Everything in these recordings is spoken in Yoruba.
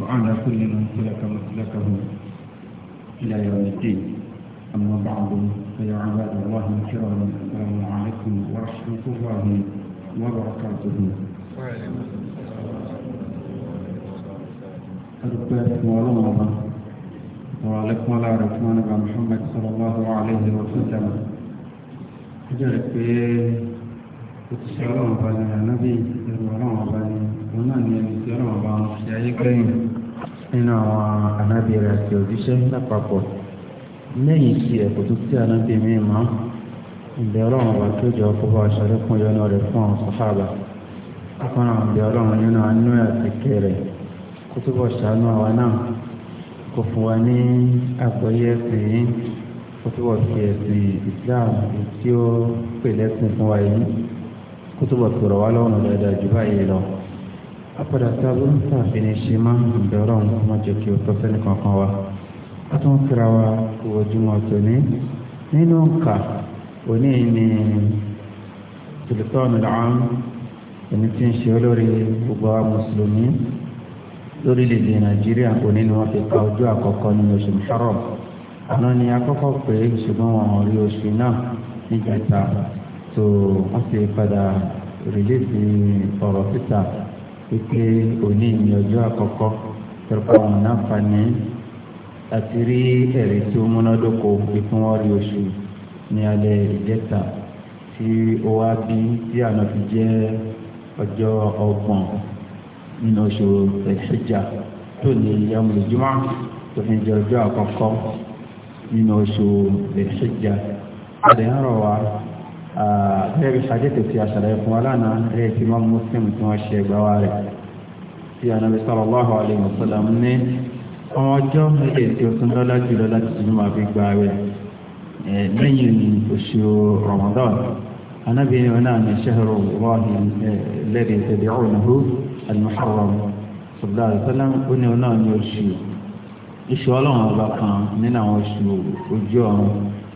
وعلى كل من سلك مسلكه إلى يوم الدين أما بعد فيا عباد الله الكرام السلام عليكم ورحمة الله وبركاته أدبت ولما وعليكم الله الرحمن محمد صلى الله عليه وسلم جاءت في وتسألون بني النبي وعلى بني òun náà ni ẹni tí ọlọ́run bá ń fi ayé kẹ́yìn nínú àwọn ànábì rẹ̀ àti òjíṣẹ́ lápapọ̀ lẹ́yìn tí ẹ̀kọ́ tó tí ànábì mi mọ́ ìbẹ̀ ọlọ́run wà tó jọ kó bá aṣàlékún yọnu rẹ̀ fún àwọn sàhábà akọ́nà ìbẹ̀ ọlọ́run nínú àánú àti kẹrẹ̀ kó tó bọ̀ ṣàánú àwa náà kó fún wa ní àgbọ́yé ẹ̀sìn kó tó bọ̀ fi ẹ̀sìn Islam tí ó pè lẹ́sìn fún wa yìí kó tó bọ̀ tòrọ̀ wá lọ́rùn dáadáa jù báyìí lọ apẹ̀rẹ̀ àti abúlé sáàfin ṣe máa ń bẹ̀rọ̀ ọ̀hún ọmọ jẹ́ kí o tọ́ sẹ́ni kankan wa a tún kíra wa kú ojúmọ́ tòní nínú nǹka òní ni tìlítọ́ọ̀nù làwọn ẹni tí ń ṣe olórí gbogbo àwọn mùsùlùmí lórílẹ̀‐èdè nàìjíríà òní ni wọ́n fi ka ojú àkọ́kọ́ nínú oṣù mùsọ̀rọ̀ àná ni akọ́kọ́ pé ṣùgbọ́n wọn rí oṣù náà níjẹta tó wọ́n ti padà rìlẹ́sì ọ̀rọ̀ wípé òní ni ọjọ́ àkọ́kọ́ pẹ̀lú àwọn náfààní àti rí ẹ̀rí tí ó múnádóko ìpín wọn rí oṣù ní alẹ́ ìjẹta tí ó wá bí tí àná fi jẹ́ ọjọ́ ọgbọ̀n nínú oṣù ẹ̀ṣẹ̀jà tó ní yamul jumu'ah tó fi jẹ́ ọjọ́ àkọ́kọ́ nínú oṣù ẹ̀ṣẹ̀jà àdéhùn rọ̀ wá bẹ́ẹ̀ bí ṣàjẹ́tẹ̀ ti àṣàlàyé fún aláàna rẹ̀ ti máa muslim tí wọ́n ṣe gbáwá rẹ̀ tí Ànábì sallallahu alaihi wasallam ní ọmọ ọjọ́ méje tí ó tún lọ́lá jùlọ láti tún máa fi gba rẹ̀ lẹ́yìn oṣù Ramadan Ànábì ní ọ̀nà àmì ṣẹ́hẹ̀rọ wọ́ọ̀hìn lẹ́rìí tẹ̀lé ọ̀nàhó al-Muharram sallallahu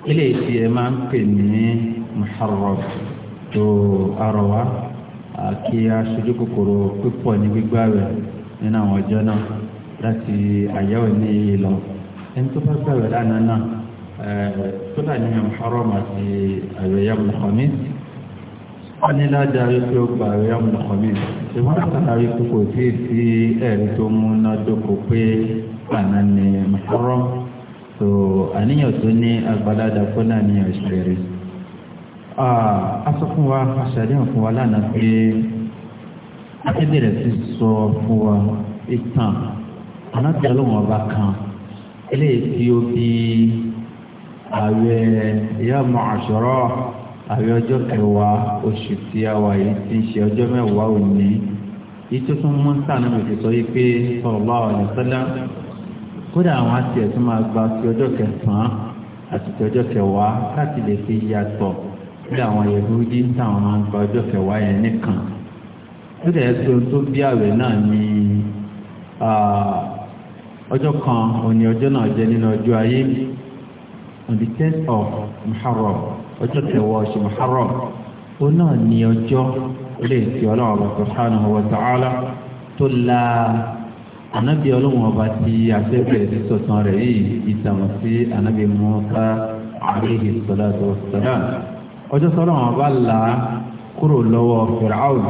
alaihi ẹ máa ń pè ní muharram tó arọwà kí a ṣojú kòkòrò pípọ̀ ní gbígbà rẹ̀ nínú àwọn ọjọ́ náà láti àyẹ̀wò ní iye lọ ẹni tó bá gbàgbé lánàá náà tó dà ní muharram àti àyẹ̀yẹ̀ mùsùlùmí wọ́n ní ládàárí tó gba àyẹ̀yẹ̀ mùsùlùmí ṣùgbọ́n látàrí kòkò tí ì ẹ̀rí tó múná pé àná ní muharram tó àníyàn tó ní agbáládàá kó náà ní ọ̀ṣẹ̀rẹ̀ asọ́fún wa aṣàdéhùn fún wa lánàá pé akébẹ̀rẹ̀ ti sọ fún wa ìtàn anájọ́ ọlọ́run ọba kan eléyìí tí ó bí ààwẹ̀ ìyá ọmọ àṣọrọ́ ọjọ́ kẹwàá oṣù tí a wà yìí ti ń ṣe ọjọ́ mẹ́wàá òní yìí tó tún mú sànù bèbè sọ yìí pé sallallahu alaihi wasallam kódà àwọn àti ẹ̀sùn máa gba ti ọjọ́ kẹsàn-án àti ti ọjọ́ kẹwàá láti lè fi yàtọ̀ bí àwọn yẹ̀húdí ń tàwọn máa ń gba ọjọ́ kẹwàá yẹn nìkan ó dẹ̀ tó tó bí àwẹ̀ náà ní ọjọ́ kan òní ọjọ́ náà jẹ́ nínú ọjọ́ ayé on the tenth of Muharram ọjọ́ kẹwàá oṣù Muharram ó náà ní ọjọ́ ilé ìtì ọlọ́run subhanahu wa ta'ala tó la anabi ọlọ́run ọba ti afẹ́fẹ́ sísọ̀tàn rẹ̀ yìí ìtàn sí anabi Musa alayhi salatu wa salam ọjọ́ sọ́rọ̀ àwọn bá là á kúrò lọ́wọ́ fìràwùn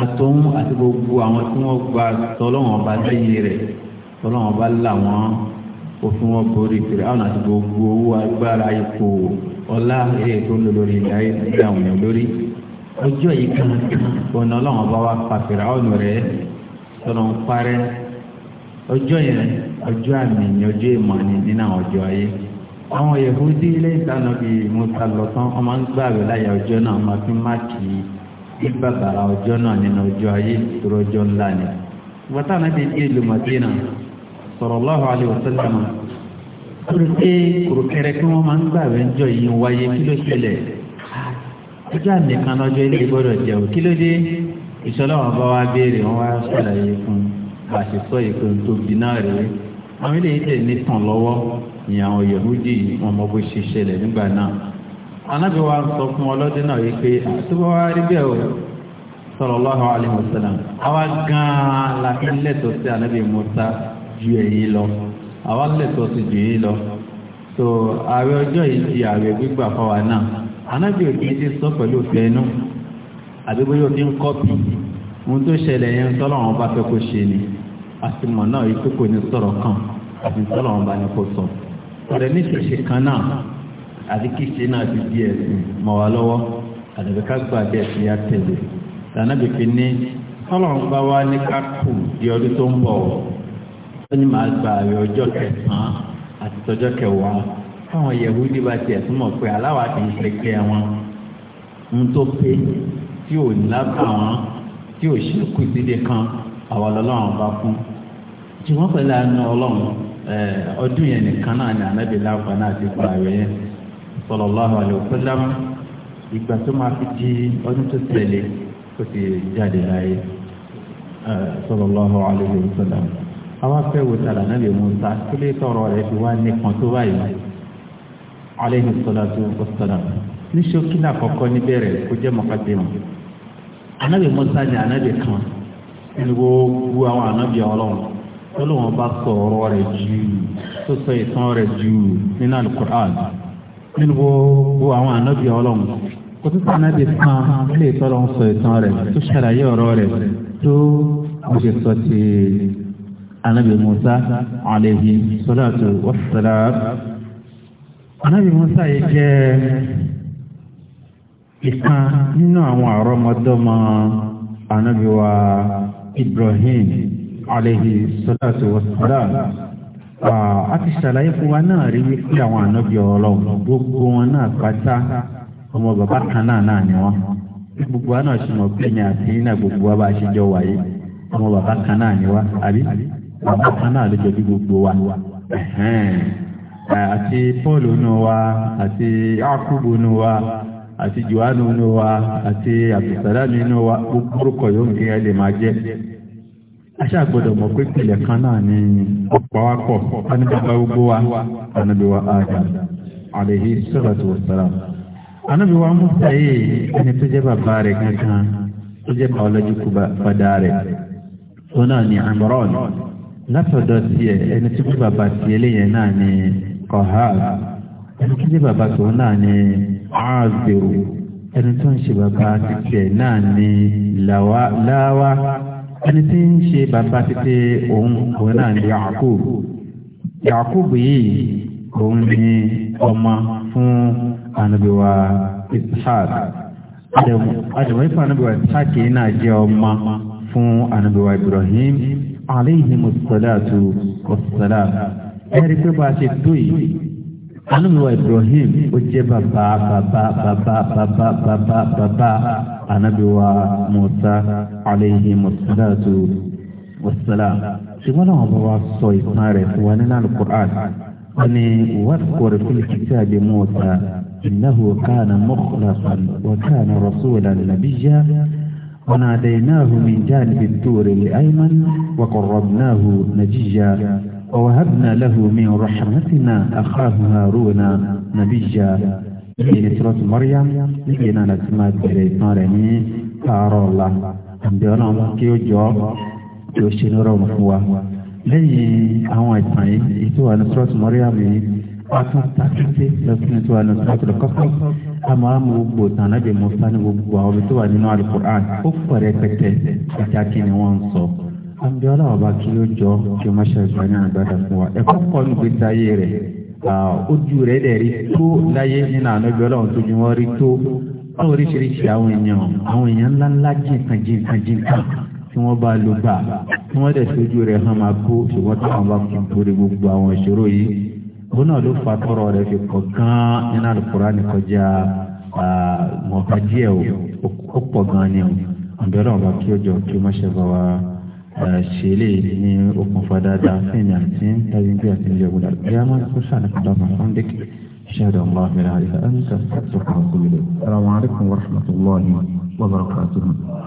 àtòun àti gbogbo àwọn tí wọ́n gba tọ́lọ́wọ́n bá lẹ́yìn rẹ̀ tọ́lọ́wọ́n bá là wọ́n òfin wọn borí fìràwùn àti gbogbo owó agbára ipò ọlá eré tó lò lórí ilẹ̀ ayé ti dà wọ́n lórí ọjọ́ yìí kan ọ̀nà ọlọ́wọ́n bá wà pa fìràwùn rẹ̀ tọ́lọ́ ọjọ́ yẹn ọjọ́ àmì ọjọ́ ìmọ̀ ni nínú àwọn ọjọ́ ayé àwọn yehudi ilé ìdáná bíi musa lọ́tàn ọmọ ń gbàgbé láyà ọjọ́ náà máa fi máàkì ìbàbàrà ọjọ́ náà nínú ọjọ́ ayé ìṣòro ọjọ́ ńlá ni. wọ́tá náà ti dé ìlú madina sallallahu alaihi wasallam kúrúkẹ́ kúrúkẹ́rẹ́ kí wọ́n máa ń gbàgbé ńjọ yìí wáyé kí ló ṣẹlẹ̀ ọjọ́ àmì kan lọ́jọ́ ilé gbọ́dọ̀ jẹ́ ò kí ló dé ìṣọ́lá wọn ìyẹn àwọn yahudi wọn mọ bó ṣe ṣẹlẹ̀ nígbà náà anábì wa sọ fún ọlọ́dún náà yìí pé àtúbọ̀ wa rí bẹ́ẹ̀ o sallallahu alaihi wasallam àwa gan-an la fi lẹ́tọ̀ọ́ sí Musa ju èyí lọ àwa lẹ́tọ̀ọ́ sí ju èyí lọ ọjọ́ yìí di gbígbà náà anábì òkè ti sọ pẹ̀lú àdúgbò yóò fi ń kọ́pì ohun tó ṣẹlẹ̀ yẹn bá fẹ́ kó ṣe ni náà yìí kan àti bá ọ̀rẹ́ níṣẹ̀ṣe kan náà àti kí ṣe náà ti di ẹ̀sìn mọ̀ wá lọ́wọ́ àdàbí ká gbà dé ẹ̀sìn yá tẹ̀lé tànàbí fi ní ọlọ́run bá wá ní ká kù di ọdún tó ń bọ̀ ó ní màá gba àwẹ̀ ọjọ́ kẹsàn-án àti tọjọ́ kẹwàá káwọn yẹ̀húdí bá tiẹ̀ túmọ̀ pé aláwa ti ń ṣẹgbẹ́ wọn ń tó pé tí ò lábà wọn tí ò ṣekú síde kan àwọn ọlọ́run bá fún ṣùgbọ́n pẹ̀lú àánú ọlọ́run Eh, ọdún yẹn nìkan náà ni ànábì láàpá náà ti gba àwẹ̀ yẹn sallallahu alaihi wasallam ìgbà tó máa fi di ọdún tó tẹ̀lé kó ti jáde láyé eh, sallallahu alaihi wasallam àwọn afẹ́ wo tààrà ànábì Mùsá kí lè tọrọ rẹ̀ fi wá nìkan tó báyìí alaihi salatu wassalam ní ṣókí náà kọ́kọ́ níbẹ̀rẹ̀ kó jẹ́ mọ́kàdé wọn ànábì Mùsá ni ànábì kan nínú gbogbo àwọn ànábì ọlọ́run Ọlọ́run bá sọ ọ̀rọ̀ rẹ̀ jù tó sọ ìtàn rẹ̀ jù nínú alukur'an nínú gbogbo àwọn ànábì Ọlọ́run kò tó sànà bí kan ilé ìtọ́lọ́ ń sọ ìtàn rẹ̀ tó ṣàlàyé ọ̀rọ̀ rẹ̀ tó mo ṣe sọ ti ànábì Musa alayhi salatu wassalam ànábì Musa yìí jẹ́ ìkan nínú àwọn àrọ́mọdọ́mọ ànábì wa Ibrahim alayhi salatu wa salam a ti ṣàlàyé fún wa náà rí wípé àwọn ànábì ọlọ́run gbogbo wọn náà pátá ọmọ bàbá kan náà náà ni wọn gbogbo wa náà ṣe mọ̀ pé ní àti iná gbogbo wa bá ṣe jọ wáyé ọmọ bàbá kan náà ni wa àbí bàbá kan náà ló jọ bí gbogbo wa àti pọ́ọ̀lù nù wa àti ákùbù nù wa àti johannu nù wa àti àbùsàlámì nù wa gbogbo orúkọ yòókè ẹ lè máa jẹ aṣá gbọ́dọ̀ mọ̀ pé pìlẹ̀ kan náà ni ọ̀pọ̀wápọ̀ anibaba gbogbo wa anabiwa adam alayhi salatu wassalam anabiwa musa yìí ẹni tó jẹ́ bàbá rẹ̀ kankan tó jẹ́ biological bàdá rẹ̀ tó náà ni Imran látọ̀dọ̀ tiẹ̀ ẹni tó jẹ́ bàbá tiẹ̀ lẹ́yìn náà ni Kohab ẹni tó jẹ́ bàbá tó náà ni Aziru ẹni tó ń ṣe bàbá tiẹ̀ náà ni Láwa. ẹni tí ń ṣe bàbá títí òun òun náà ni Yakub Yakub yìí òun ni ọmọ fún anabiwa Ishaq adamu ifa anabiwa Ishaq yìí náà jẹ ọmọ fún Ibrahim aleyhi musalatu wasalam ẹ̀rí pé bá a ṣe tó yìí Ibrahim ó jẹ bàbá bàbá bàbá bàbá bàbá انبي وموسى عليه الصلاه والسلام سيمنا هو سوي مار وننا القران اني واذكر كل كتاب موسى انه كان مخلصا وكان رسولا نبيا وناديناه من جانب الدور الايمن وقربناه نجيا ووهبنا له من رحمتنا اخاه هارون نبيا ìdílé sọ́ọ̀tù mọ́ríyá níbi náà láti máa bẹ̀rẹ̀ ìtàn rẹ̀ ní àárọ̀ ọ̀la àbí ọ̀nà kí ó jọ kí ó ṣe nírọ̀rùn fún wa. lẹ́yìn àwọn ìtàn yìí ètò àná sọ́ọ̀tù mọ́ríyá mi wọ́n tún tàkìtì lọ́sìn ètò àná sọ́ọ̀tù kọ́kọ́ àmọ́ àmọ́ gbogbo tànà bí mo sá ní gbogbo àwọn ibi tó wà nínú alukur'an ó pọ̀ rẹpẹtẹ ìjà kí ni wọ́n ń sọ. àbí ọ̀nà ọba kí ó jọ kí ó má ṣe ìgbà fún wa ẹ̀kọ́ pọ̀ nígbèsí ayé rẹ̀ Ah, ojú rẹ̀ dẹ̀ rí tó láyé nínú ànábi ọlọ́run tó ju wọn rí tó fún oríṣiríṣi àwọn èèyàn àwọn èèyàn ńláńlá jìnkan jìnkan jìnkan tí wọ́n bá lò gbà tí wọ́n dẹ̀ sójú rẹ̀ hàn máa kó ṣùgbọ́n táwọn bá kún torí gbogbo àwọn ìṣòro yìí òun náà ló fa tọrọ rẹ̀ fi pọ̀ gan-an nínú Al-Kùránì kọjá mọ̀ọ́ká díẹ̀ o ó pọ̀ gan-an ni o àbẹ̀rẹ̀ ọba kí ó kí ó má bá wa. Eh, ṣe lè ní okùnfà dáadáa fún ìmì àti tàbí bí àti ilé ọgbọdà bí a máa kó sàlàkùdà máa fún dékè ṣáàdà ọmọ àfẹrẹ àríkà ẹni tó kọ ọkùnrin rẹ. Assalamu alaikum warahmatullahi wabarakatuh.